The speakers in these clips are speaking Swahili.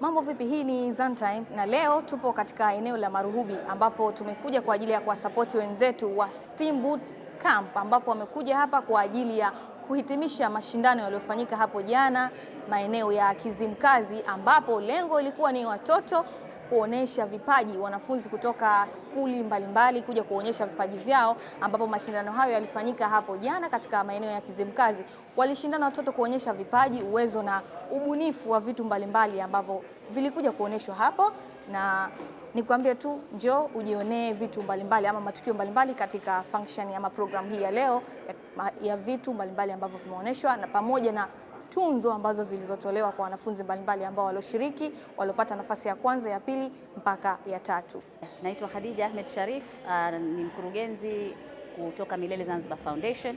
Mambo vipi? Hii ni Zantime na leo tupo katika eneo la Maruhubi ambapo tumekuja kwa ajili ya kuwasapoti wenzetu wa Steamboat Camp ambapo wamekuja hapa kwa ajili ya kuhitimisha mashindano yaliyofanyika hapo jana maeneo ya Kizimkazi ambapo lengo ilikuwa ni watoto kuonesha vipaji wanafunzi kutoka skuli mbalimbali kuja kuonyesha vipaji vyao, ambapo mashindano hayo yalifanyika hapo jana katika maeneo ya Kizimkazi. Walishindana watoto kuonyesha vipaji, uwezo na ubunifu wa vitu mbalimbali ambavyo vilikuja kuonyeshwa hapo, na nikwambie tu njoo ujionee vitu mbalimbali ama matukio mbalimbali katika function ama program hii ya leo ya, ya vitu mbalimbali ambavyo vimeonyeshwa na pamoja na tunzo ambazo zilizotolewa kwa wanafunzi mbalimbali ambao walioshiriki, waliopata nafasi ya kwanza, ya pili mpaka ya tatu. Naitwa Khadija Ahmed Sharif, uh, ni mkurugenzi kutoka Milele Zanzibar Foundation.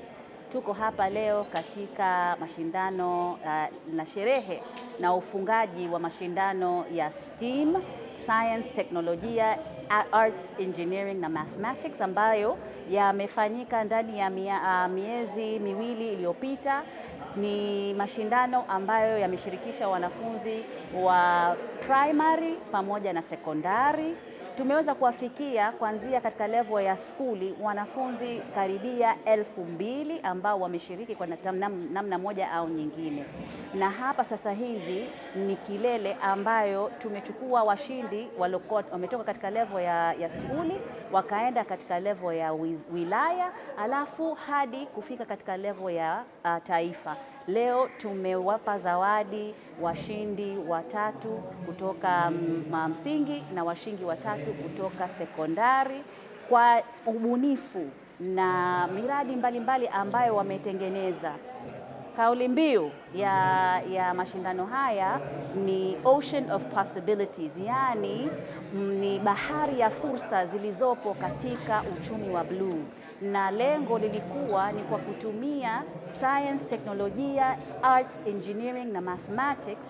Tuko hapa leo katika mashindano uh, na sherehe na ufungaji wa mashindano ya STEAM, science, teknolojia, arts, engineering na mathematics ambayo yamefanyika ndani ya mia, uh, miezi miwili iliyopita. Ni mashindano ambayo yameshirikisha wanafunzi wa primary pamoja na sekondari. Tumeweza kuwafikia kuanzia katika level ya skuli wanafunzi karibia elfu mbili ambao wameshiriki kwa namna moja au nyingine, na hapa sasa hivi ni kilele ambayo tumechukua washindi waliokuwa wametoka katika level ya, ya skuli wakaenda katika level ya wilaya alafu hadi kufika katika level ya uh, taifa. Leo tumewapa zawadi washindi watatu kutoka mm, msingi na washindi watatu kutoka sekondari kwa ubunifu na miradi mbalimbali mbali ambayo wametengeneza. Kauli mbiu ya, ya mashindano haya ni Ocean of Possibilities, yaani mm, ni bahari ya fursa zilizopo katika uchumi wa bluu, na lengo lilikuwa ni kwa kutumia science, teknolojia, arts, engineering na mathematics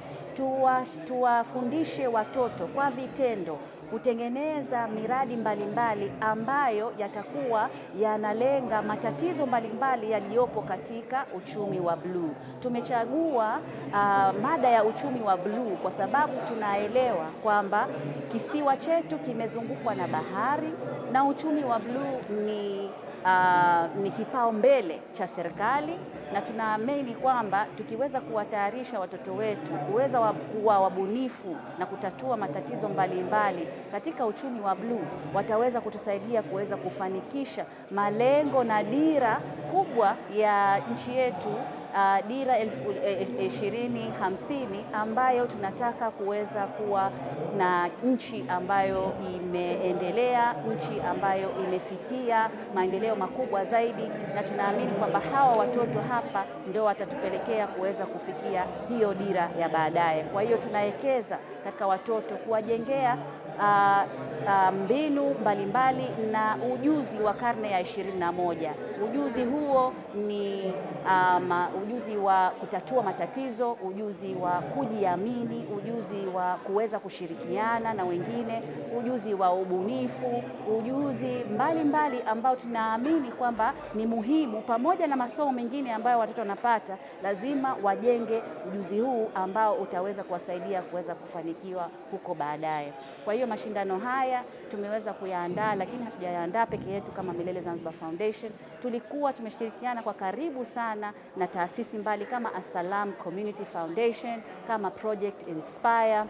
tuwafundishe tuwa watoto kwa vitendo kutengeneza miradi mbalimbali mbali ambayo yatakuwa yanalenga matatizo mbalimbali yaliyopo katika uchumi wa bluu. Tumechagua uh, mada ya uchumi wa bluu kwa sababu tunaelewa kwamba kisiwa chetu kimezungukwa na bahari na uchumi wa bluu ni uh, ni kipao mbele cha serikali, na tunaamini kwamba tukiweza kuwatayarisha watoto wetu kuweza kuwa wabunifu na kutatua matatizo mbalimbali mbali katika uchumi wa bluu, wataweza kutusaidia kuweza kufanikisha malengo na dira kubwa ya nchi yetu uh, dira elfu eh, eh, ishirini hamsini ambayo tunataka kuweza kuwa na nchi ambayo imeendelea, nchi ambayo imefikia maendeleo makubwa zaidi, na tunaamini kwamba hawa watoto hapa ndio watatupelekea kuweza kufikia hiyo dira ya baadaye. Kwa hiyo tunawekeza katika watoto kuwajengea uh, um, mbinu mbalimbali na ujuzi wa karne ya ishirini na moja. Ujuzi huo ni um, ujuzi wa kutatua matatizo, ujuzi wa kujiamini, ujuzi wa kuweza kushirikiana na wengine, ujuzi wa ubunifu, ujuzi mbalimbali mbali ambao tunaamini kwamba ni muhimu, pamoja na masomo mengine ambayo watoto wanapata, lazima wajenge ujuzi huu ambao utaweza kuwasaidia kuweza kufanikiwa huko baadaye. Kwa hiyo hiyo mashindano haya tumeweza kuyaandaa, lakini hatujayaandaa peke yetu kama Milele Zanzibar Foundation. Tulikuwa tumeshirikiana kwa karibu sana na taasisi mbali kama Asalam Community Foundation, kama Project Inspire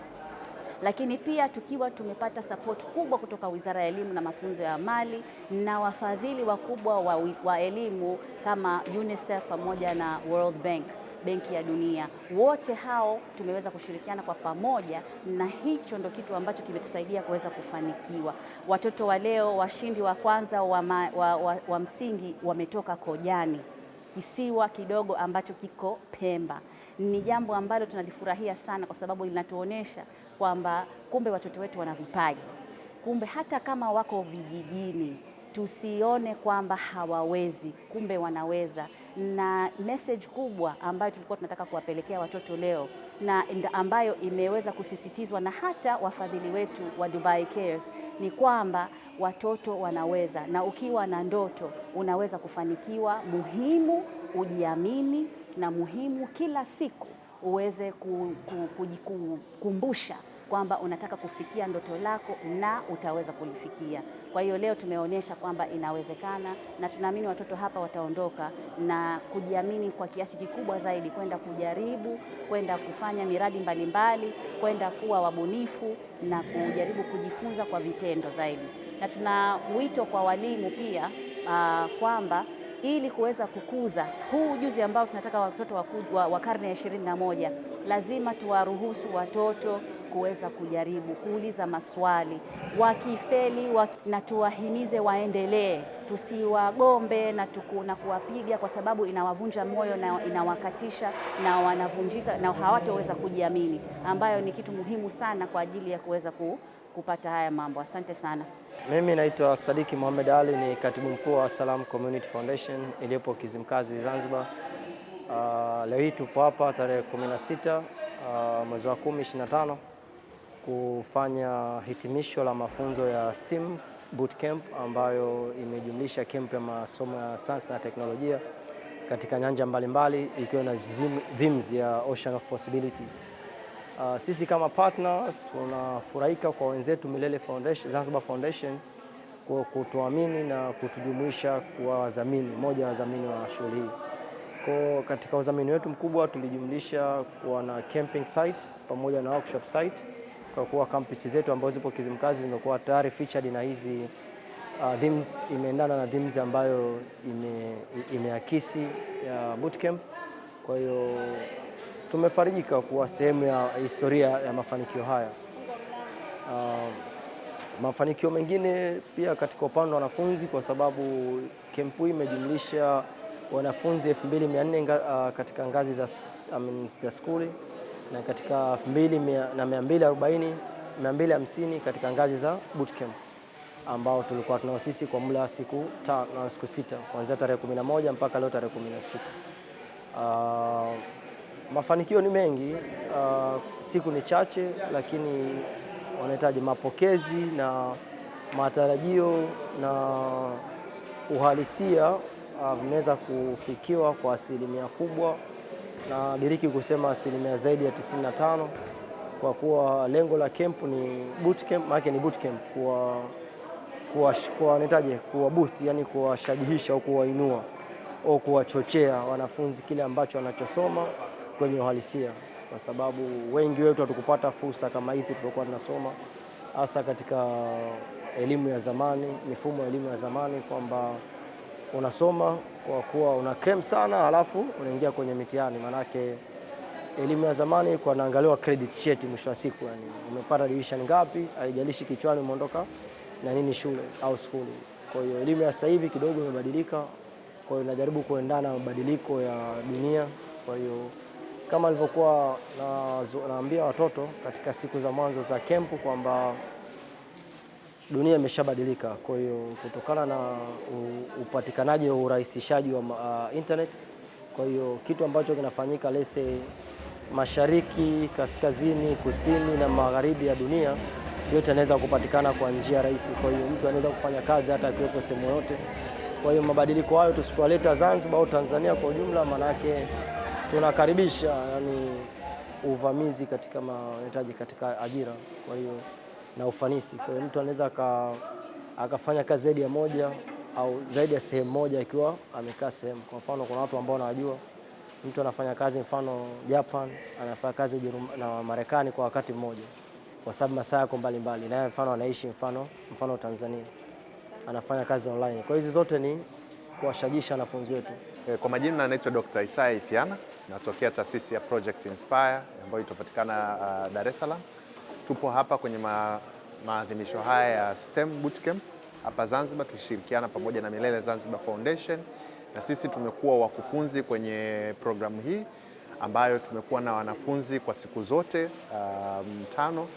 lakini pia tukiwa tumepata support kubwa kutoka Wizara ya Elimu na Mafunzo ya Amali na wafadhili wakubwa wa, wa elimu kama UNICEF pamoja na World Bank. Benki ya Dunia. Wote hao tumeweza kushirikiana kwa pamoja, na hicho ndo kitu ambacho kimetusaidia kuweza kufanikiwa. Watoto wa leo, washindi wa kwanza wa, ma, wa, wa, wa msingi wametoka Kojani, kisiwa kidogo ambacho kiko Pemba. Ni jambo ambalo tunalifurahia sana, kwa sababu linatuonyesha kwamba kumbe watoto wetu wana vipaji, kumbe hata kama wako vijijini tusione kwamba hawawezi, kumbe wanaweza na message kubwa ambayo tulikuwa tunataka kuwapelekea watoto leo na ambayo imeweza kusisitizwa na hata wafadhili wetu wa Dubai Cares ni kwamba watoto wanaweza, na ukiwa na ndoto unaweza kufanikiwa. Muhimu ujiamini, na muhimu kila siku uweze kukumbusha kwamba unataka kufikia ndoto lako na utaweza kulifikia. Kwa hiyo leo tumeonyesha kwamba inawezekana, na tunaamini watoto hapa wataondoka na kujiamini kwa kiasi kikubwa zaidi, kwenda kujaribu, kwenda kufanya miradi mbalimbali, kwenda kuwa wabunifu na kujaribu kujifunza kwa vitendo zaidi. Na tuna wito kwa walimu pia uh, kwamba ili kuweza kukuza huu ujuzi ambao tunataka watoto wa, wa, karne ya ishirini na moja lazima tuwaruhusu watoto kuweza kujaribu kuuliza maswali, wakifeli waki... na tuwahimize waendelee, tusiwagombe na, tuku... na kuwapiga kwa sababu inawavunja moyo na inawakatisha na wanavunjika na hawatoweza kujiamini, ambayo ni kitu muhimu sana kwa ajili ya kuweza ku... kupata haya mambo. Asante sana. Mimi naitwa Sadiki Mohamed Ali, ni katibu mkuu wa Salam Community Foundation iliyopo Kizimkazi, Zanzibar. Uh, leo hii tupo hapa tarehe 16 uh, ah, mwezi wa 10 25 kufanya hitimisho la mafunzo ya STEAM Bootcamp ambayo imejumlisha camp ya masomo ya sayansi na teknolojia katika nyanja mbalimbali ikiwa na themes ya Ocean of Possibilities. Uh, sisi kama partners tunafurahika kwa wenzetu Milele Foundation, Zanzibar Foundation kwa kutuamini na kutujumuisha kuwa wadhamini, moja wa wadhamini wa shughuli hii. Kwa katika udhamini wetu mkubwa tulijumlisha kuwa na camping site pamoja na workshop site kwa kuwa kampisi zetu ambazo zipo Kizimkazi zimekuwa tayari featured na hizi uh, themes, imeendana na themes ambayo ime, imeakisi ya uh, bootcamp. Kwa hiyo tumefarijika kuwa sehemu ya historia ya mafanikio haya. Uh, mafanikio mengine pia katika upande wa wanafunzi, kwa sababu kempu imejumlisha wanafunzi 2400 uh, katika ngazi za, I mean, za skuli na katika 2240 250 katika ngazi za bootcamp ambao tulikuwa tunao sisi kwa muda siku tano na siku sita kuanzia tarehe 11 mpaka leo tarehe 16. Uh, mafanikio ni mengi uh, siku ni chache, lakini wanahitaji mapokezi na matarajio na uhalisia Ah, vimeweza kufikiwa kwa asilimia kubwa, na diriki kusema asilimia zaidi ya 95, kwa kuwa lengo la camp ni boot camp, maana ni boot camp kwa kwa kwa nitaje kwa boost, yani kuwashajihisha au kuwainua au kuwachochea wanafunzi kile ambacho wanachosoma kwenye uhalisia, kwa sababu wengi wetu hatukupata fursa kama hizi tulikuwa tunasoma, hasa katika elimu ya zamani, mifumo ya elimu ya zamani kwamba unasoma kwa kuwa una kem sana, halafu unaingia kwenye mitihani. Maanake elimu ya zamani kwa naangaliwa credit sheet, mwisho wa siku yani umepata division ngapi, haijalishi kichwani umeondoka na nini shule au skuli. Kwa hiyo elimu ya sasa hivi kidogo imebadilika, kwa hiyo najaribu kuendana na mabadiliko ya dunia. Kwa hiyo kama nilivyokuwa naambia watoto katika siku za mwanzo za kempu kwamba dunia imeshabadilika. Kwa hiyo kutokana na upatikanaji wa urahisishaji wa uh, internet, kwa hiyo kitu ambacho kinafanyika lese mashariki, kaskazini, kusini na magharibi ya dunia yote anaweza kupatikana kwa njia rahisi. Kwa hiyo mtu anaweza kufanya kazi hata akiwepo sehemu yote Kwa hiyo mabadiliko hayo tusipoleta Zanzibar au Tanzania kwa ujumla, maanake tunakaribisha yani uvamizi katika mahitaji katika ajira. Kwa hiyo na ufanisi. Kwa hiyo mtu anaweza akafanya kazi zaidi ya moja au zaidi ya sehemu moja akiwa amekaa sehemu. Kwa mfano, kuna watu ambao nawajua, mtu anafanya kazi mfano Japan, anafanya kazi na Marekani kwa wakati mmoja, kwa sababu masaa yako mbalimbali, naye mfano anaishi mfano mfano Tanzania, anafanya kazi online. Kwa hizi zote ni kuwashajisha wanafunzi wetu. Eh, kwa majina anaitwa Dr. Isaya Ipiana, natokea taasisi ya Project Inspire ambayo itapatikana uh, Dar es Salaam. Tupo hapa kwenye ma, maadhimisho haya ya STEM Bootcamp hapa Zanzibar, tulishirikiana pamoja na Milele Zanzibar Foundation na sisi tumekuwa wakufunzi kwenye programu hii ambayo tumekuwa na wanafunzi kwa siku zote um, tano.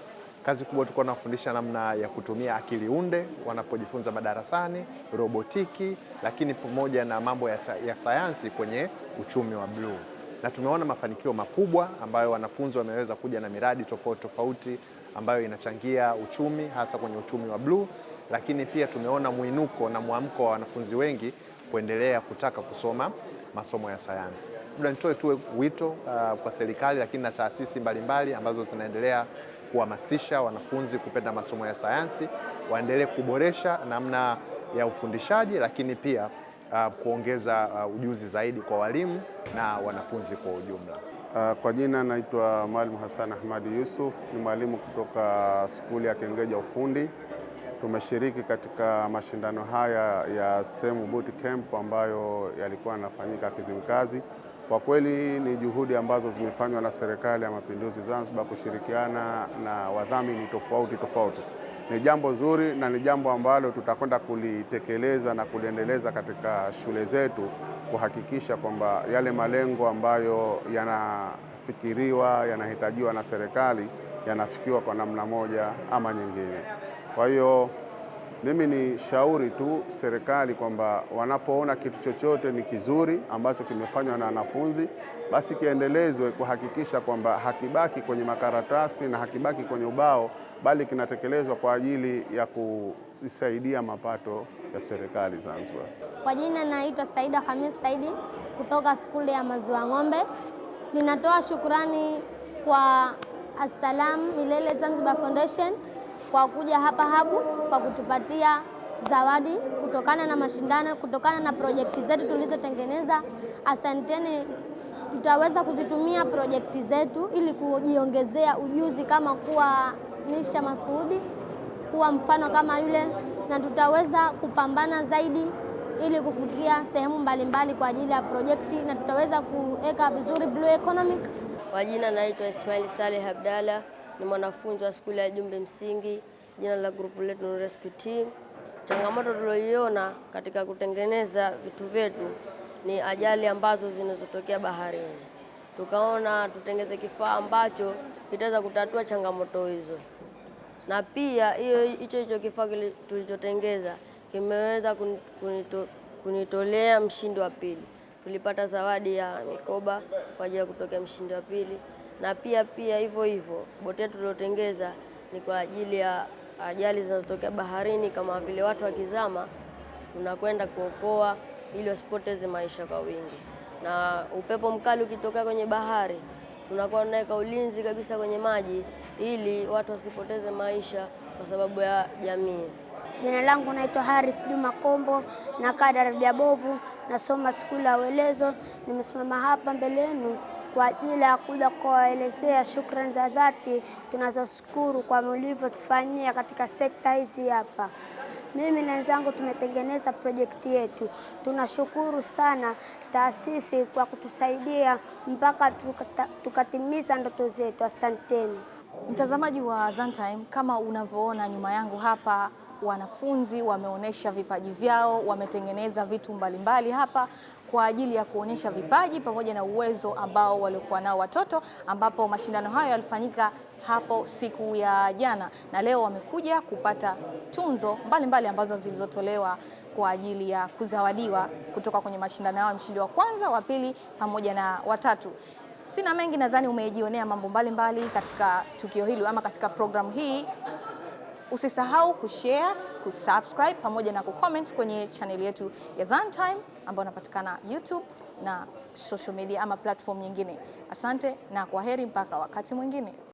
Kazi kubwa tulikuwa tunafundisha namna ya kutumia akili unde wanapojifunza madarasani, robotiki, lakini pamoja na mambo ya, ya sayansi kwenye uchumi wa bluu na tumeona mafanikio makubwa ambayo wanafunzi wameweza kuja na miradi tofauti tofauti ambayo inachangia uchumi hasa kwenye uchumi wa bluu, lakini pia tumeona mwinuko na mwamko wa wanafunzi wengi kuendelea kutaka kusoma masomo ya sayansi. Labda nitoe tu wito uh, kwa serikali lakini na taasisi mbalimbali ambazo zinaendelea kuhamasisha wanafunzi kupenda masomo ya sayansi, waendelee kuboresha namna ya ufundishaji, lakini pia uh, kuongeza uh, ujuzi zaidi kwa walimu na wanafunzi kwa ujumla. Uh, kwa jina naitwa Mwalimu Hassan Ahmadi Yusuf, ni mwalimu kutoka skuli ya Kengeja Ufundi. Tumeshiriki katika mashindano haya ya STEM Boot Camp ambayo yalikuwa yanafanyika Kizimkazi. Kwa kweli ni juhudi ambazo zimefanywa na Serikali ya Mapinduzi Zanzibar kushirikiana na wadhamini tofauti tofauti ni jambo zuri na ni jambo ambalo tutakwenda kulitekeleza na kuliendeleza katika shule zetu kuhakikisha kwamba yale malengo ambayo yanafikiriwa, yanahitajiwa na serikali yanafikiwa kwa namna moja ama nyingine. Kwa hiyo mimi ni shauri tu serikali kwamba wanapoona kitu chochote ni kizuri ambacho kimefanywa na wanafunzi, basi kiendelezwe kuhakikisha kwamba hakibaki kwenye makaratasi na hakibaki kwenye ubao, bali kinatekelezwa kwa ajili ya kuisaidia mapato ya serikali Zanzibar. Kwa jina naitwa Saida Hamis Saidi kutoka skuli ya Maziwa Ng'ombe. Ninatoa shukurani kwa Assalam Milele Zanzibar Foundation kwa kuja hapa habu kwa kutupatia zawadi kutokana na mashindano, kutokana na projekti zetu tulizotengeneza. Asanteni, tutaweza kuzitumia projekti zetu ili kujiongezea ujuzi kama kuwa Nisha Masudi, kuwa mfano kama yule, na tutaweza kupambana zaidi ili kufikia sehemu mbalimbali kwa ajili ya projekti, na tutaweza kuweka vizuri blue economic. Kwa jina naitwa Ismail Saleh Abdalla ni mwanafunzi wa skuli ya Jumbe Msingi, jina la grupu letu ni Rescue Team. Changamoto tulioiona katika kutengeneza vitu vyetu ni ajali ambazo zinazotokea baharini. Tukaona tutengeze kifaa ambacho kitaweza kutatua changamoto hizo, na pia hiyo hicho hicho kifaa tulichotengeza kimeweza kunito, kunitolea mshindi wa pili. Tulipata zawadi ya mikoba kwa ajili ya kutokea mshindi wa pili na pia pia hivyo hivyo boti yetu tuliotengeza ni kwa ajili ya ajali zinazotokea baharini, kama vile watu wakizama, tunakwenda kuokoa ili wasipoteze maisha kwa wingi. Na upepo mkali ukitokea kwenye bahari, tunakuwa tunaweka ulinzi kabisa kwenye maji ili watu wasipoteze maisha kwa sababu ya jamii. Jina langu naitwa Harith Juma Kombo, nakaa daraja bovu, nasoma skulu ya Welezo. Nimesimama hapa mbele yenu kwa ajili ya kuja kuwaelezea shukrani za dhati tunazoshukuru kwa mlivyotufanyia katika sekta hizi hapa. Mimi na wenzangu tumetengeneza projekti yetu. Tunashukuru sana taasisi kwa kutusaidia mpaka tukata, tukatimiza ndoto zetu. Asanteni mtazamaji wa Zantime, kama unavyoona nyuma yangu hapa wanafunzi wameonyesha vipaji vyao, wametengeneza vitu mbalimbali mbali hapa kwa ajili ya kuonyesha vipaji pamoja na uwezo ambao waliokuwa nao watoto, ambapo mashindano hayo yalifanyika hapo siku ya jana, na leo wamekuja kupata tunzo mbalimbali mbali ambazo zilizotolewa kwa ajili ya kuzawadiwa kutoka kwenye mashindano yao mshindi wa kwanza, wa pili pamoja na watatu. Sina mengi, nadhani umejionea mambo mbalimbali mbali katika tukio hili ama katika programu hii. Usisahau kushare, kusubscribe pamoja na kucomment kwenye chaneli yetu ya Zantime ambao unapatikana YouTube na social media ama platform nyingine. Asante na kwa heri mpaka wakati mwingine.